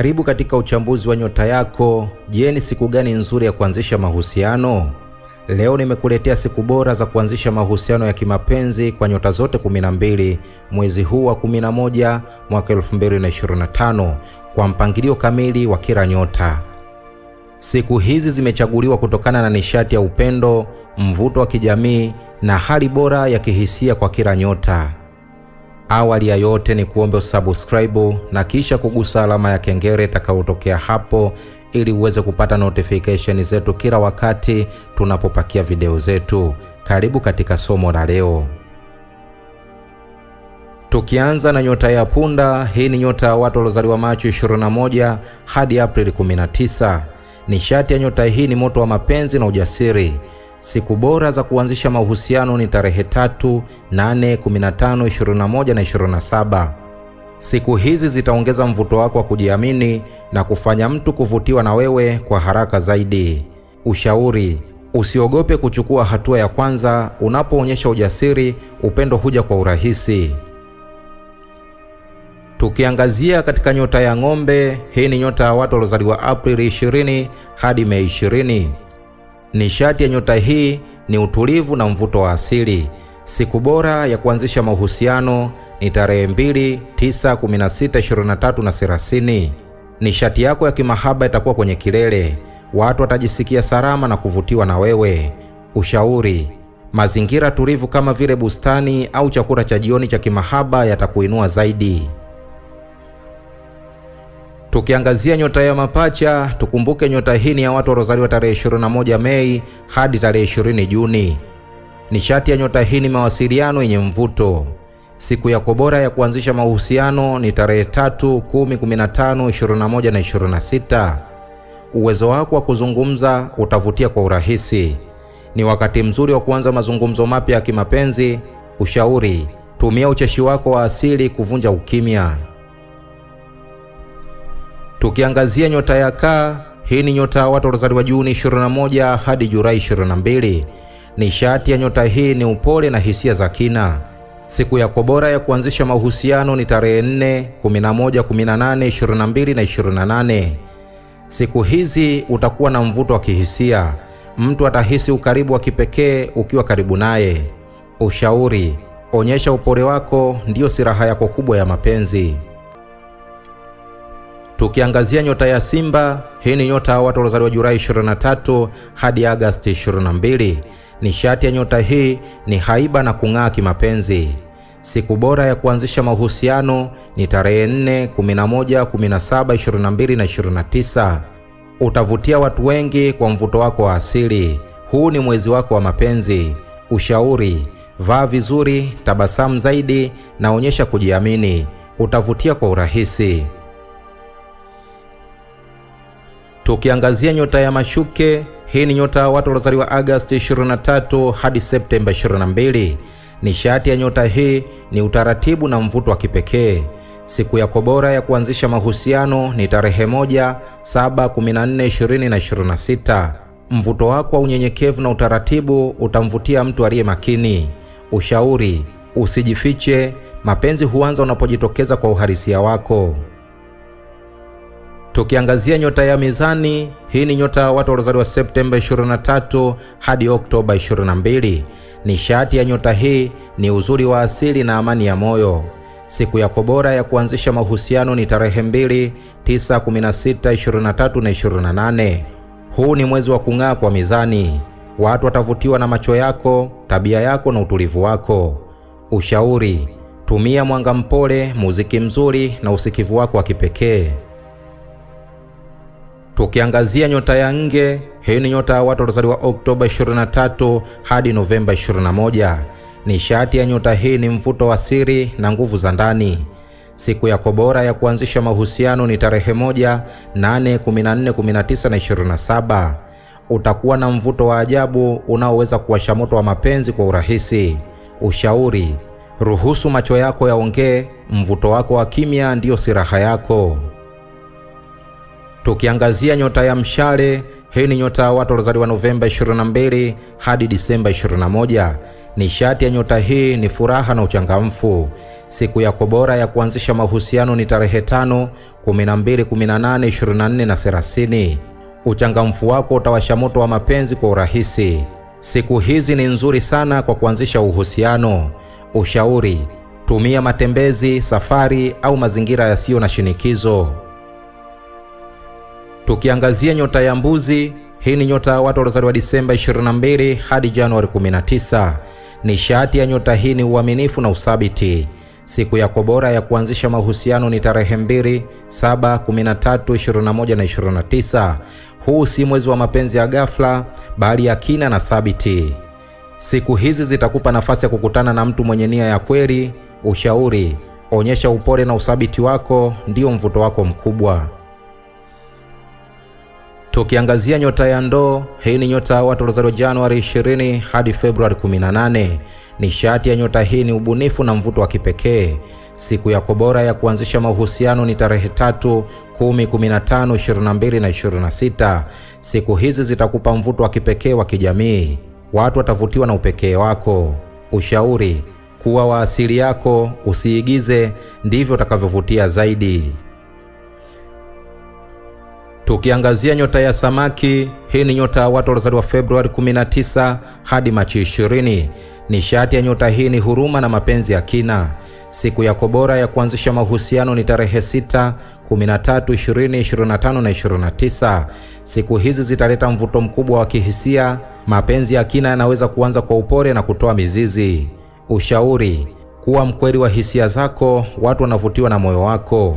Karibu katika uchambuzi wa nyota yako. Je, ni siku gani nzuri ya kuanzisha mahusiano? Leo nimekuletea siku bora za kuanzisha mahusiano ya kimapenzi kwa nyota zote 12 mwezi huu wa 11 mwaka 2025 kwa mpangilio kamili wa kila nyota. Siku hizi zimechaguliwa kutokana na nishati ya upendo, mvuto wa kijamii na hali bora ya kihisia kwa kila nyota. Awali ya yote ni kuombe usubscribe na kisha kugusa alama ya kengele itakayotokea hapo ili uweze kupata notification zetu kila wakati tunapopakia video zetu. Karibu katika somo la leo. Tukianza na nyota ya punda, hii ni nyota ya watu waliozaliwa Machi 21 hadi Aprili 19. Nishati ya nyota hii ni moto wa mapenzi na ujasiri. Siku bora za kuanzisha mahusiano ni tarehe 3, 8, 15, 21 na 27. Siku hizi zitaongeza mvuto wako wa kujiamini na kufanya mtu kuvutiwa na wewe kwa haraka zaidi. Ushauri: usiogope kuchukua hatua ya kwanza. Unapoonyesha ujasiri, upendo huja kwa urahisi. Tukiangazia katika nyota ya ng'ombe, hii ni nyota ya watu waliozaliwa Aprili 20 hadi Mei 20. Nishati ya nyota hii ni utulivu na mvuto wa asili. Siku bora ya kuanzisha mahusiano ni tarehe 2, 9, 16, 23 na 30. Nishati yako ya kimahaba itakuwa kwenye kilele. Watu watajisikia salama na kuvutiwa na wewe. Ushauri: mazingira tulivu kama vile bustani au chakula cha jioni cha kimahaba yatakuinua zaidi. Tukiangazia nyota ya mapacha, tukumbuke nyota hii ni ya watu waliozaliwa tarehe 21 Mei hadi tarehe 20 Juni. Nishati ya nyota hii ni mawasiliano yenye mvuto. Siku yako bora ya kuanzisha mahusiano ni tarehe 3, 10, 15, 21 na 26. Uwezo wako wa kuzungumza utavutia kwa urahisi. Ni wakati mzuri wa kuanza mazungumzo mapya ya kimapenzi. Ushauri: tumia ucheshi wako wa asili kuvunja ukimya. Tukiangazia nyota ya Kaa, hii ni nyota ya watu waliozaliwa Juni 21 hadi Julai 22. Nishati ya nyota hii ni upole na hisia za kina. Siku yako bora ya kuanzisha mahusiano ni tarehe 4, 11, 18, 22 na 28. Siku hizi utakuwa na mvuto wa kihisia. Mtu atahisi ukaribu wa kipekee ukiwa karibu naye. Ushauri: onyesha upole wako, ndiyo silaha yako kubwa ya mapenzi. Tukiangazia nyota ya Simba, hii ni nyota ya watu waliozaliwa Julai 23 hadi Agosti 22. Nishati ya nyota hii ni haiba na kung'aa kimapenzi. Siku bora ya kuanzisha mahusiano ni tarehe 4, 11, 17, 22 na 29. Utavutia watu wengi kwa mvuto wako wa asili. Huu ni mwezi wako wa mapenzi. Ushauri: vaa vizuri, tabasamu zaidi na onyesha kujiamini. Utavutia kwa urahisi. tukiangazia nyota ya mashuke. Hii ni nyota ya watu waliozaliwa Agosti 23 hadi Septemba 22. Nishati ya nyota hii ni utaratibu na mvuto wa kipekee. Siku yako bora ya kuanzisha mahusiano ni tarehe 1, 7, 14, 20 na 26. Mvuto wako wa unyenyekevu na utaratibu utamvutia mtu aliye makini. Ushauri: usijifiche. Mapenzi huanza unapojitokeza kwa uhalisia wako. Tukiangazia nyota ya mizani, hii ni nyota ya watu waliozaliwa Septemba 23 hadi Oktoba 22. Nishati ya nyota hii ni uzuri wa asili na amani ya moyo. Siku yako bora ya kuanzisha mahusiano ni tarehe 2, 9, 16, 23 na 28. Huu ni mwezi wa kung'aa kwa mizani. Watu watavutiwa na macho yako, tabia yako na utulivu wako. Ushauri: tumia mwanga mpole, muziki mzuri na usikivu wako wa kipekee tukiangazia nyota ya nge. Hii ni nyota ya watu waliozaliwa Oktoba 23 hadi Novemba 21. Nishati ya nyota hii ni mvuto wa siri na nguvu za ndani. Siku yako bora ya kuanzisha mahusiano ni tarehe 1, 8, 14, 19 na 27. Utakuwa na mvuto wa ajabu unaoweza kuwasha moto wa mapenzi kwa urahisi. Ushauri: ruhusu macho yako yaongee. Mvuto wako wa kimya ndiyo silaha yako. Tukiangazia nyota ya mshale, hii ni nyota ya watu waliozaliwa Novemba 22 hadi Disemba 21. Nishati ya nyota hii ni furaha na uchangamfu. Siku yako bora ya kuanzisha mahusiano ni tarehe 5, 12, 18, 24 na 30. Uchangamfu wako utawasha moto wa mapenzi kwa urahisi. Siku hizi ni nzuri sana kwa kuanzisha uhusiano. Ushauri: tumia matembezi, safari au mazingira yasiyo na shinikizo. Tukiangazia nyota ya mbuzi, hii ni nyota ya watu waliozaliwa Disemba 22 hadi Januari 19. Nishati ya nyota hii ni uaminifu na uthabiti. Siku yako bora ya kuanzisha mahusiano ni tarehe 2, 7, 13, 21 na 29. Huu si mwezi wa mapenzi ya ghafla, bali ya kina na thabiti. Siku hizi zitakupa nafasi ya kukutana na mtu mwenye nia ya kweli. Ushauri, onyesha upole na uthabiti wako ndio mvuto wako mkubwa. Tukiangazia nyota ya ndoo, hii ni nyota ya watu waliozaliwa Januari 20 hadi Februari 18. Nishati ya nyota hii ni ubunifu na mvuto wa kipekee. Siku yako bora ya kuanzisha mahusiano ni tarehe 3, 10, 15, 22 na 26. Siku hizi zitakupa mvuto wa kipekee wa kijamii. Watu watavutiwa na upekee wako. Ushauri: kuwa wa asili yako, usiigize, ndivyo utakavyovutia zaidi. Tukiangazia nyota ya samaki, hii ni nyota ya watu waliozaliwa Februari 19 hadi Machi 20. Nishati ya nyota hii ni huruma na mapenzi ya kina. Siku yako bora ya kuanzisha mahusiano ni tarehe 6, 13, 20, 25 na 29. Siku hizi zitaleta mvuto mkubwa wa kihisia. Mapenzi ya kina yanaweza kuanza kwa upole na kutoa mizizi. Ushauri: kuwa mkweli wa hisia zako, watu wanavutiwa na moyo wako.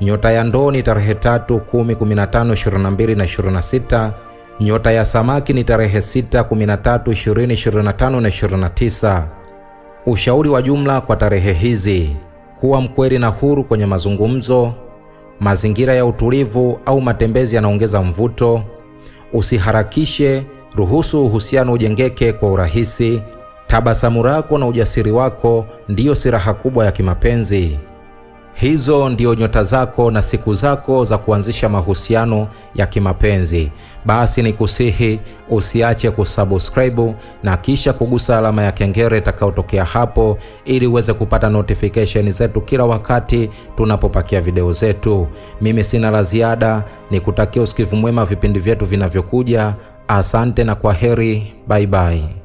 nyota ya ndoo ni tarehe 3, 10, 15, 22 na 26. Nyota ya samaki ni tarehe 6, 13, 20, 25 na 29. Ushauri wa jumla kwa tarehe hizi: kuwa mkweli na huru kwenye mazungumzo. Mazingira ya utulivu au matembezi yanaongeza mvuto. Usiharakishe, ruhusu uhusiano ujengeke kwa urahisi. Tabasamu lako na ujasiri wako ndiyo silaha kubwa ya kimapenzi. Hizo ndio nyota zako na siku zako za kuanzisha mahusiano ya kimapenzi. Basi ni kusihi usiache kusubscribe na kisha kugusa alama ya kengele itakayotokea hapo, ili uweze kupata notification zetu kila wakati tunapopakia video zetu. Mimi sina la ziada, ni kutakia usikivu mwema vipindi vyetu vinavyokuja. Asante na kwa heri, bye bye.